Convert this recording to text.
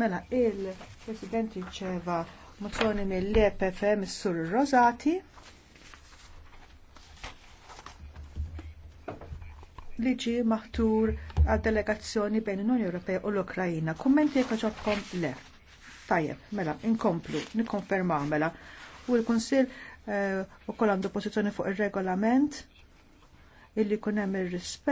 Mela, il-President riċeva mozzjoni mill-EPFM sur Rosati li ġie maħtur għad delegazzjoni bejn l-Unjoni Ewropea u l-Ukrajina. Kummenti jekk ġobkom le. Tajjeb, mela, inkomplu, nikkonfermaw mela. U l-Konsil eh, ukoll għandu pożizzjoni fuq ir regolament illi jkun hemm ir rispett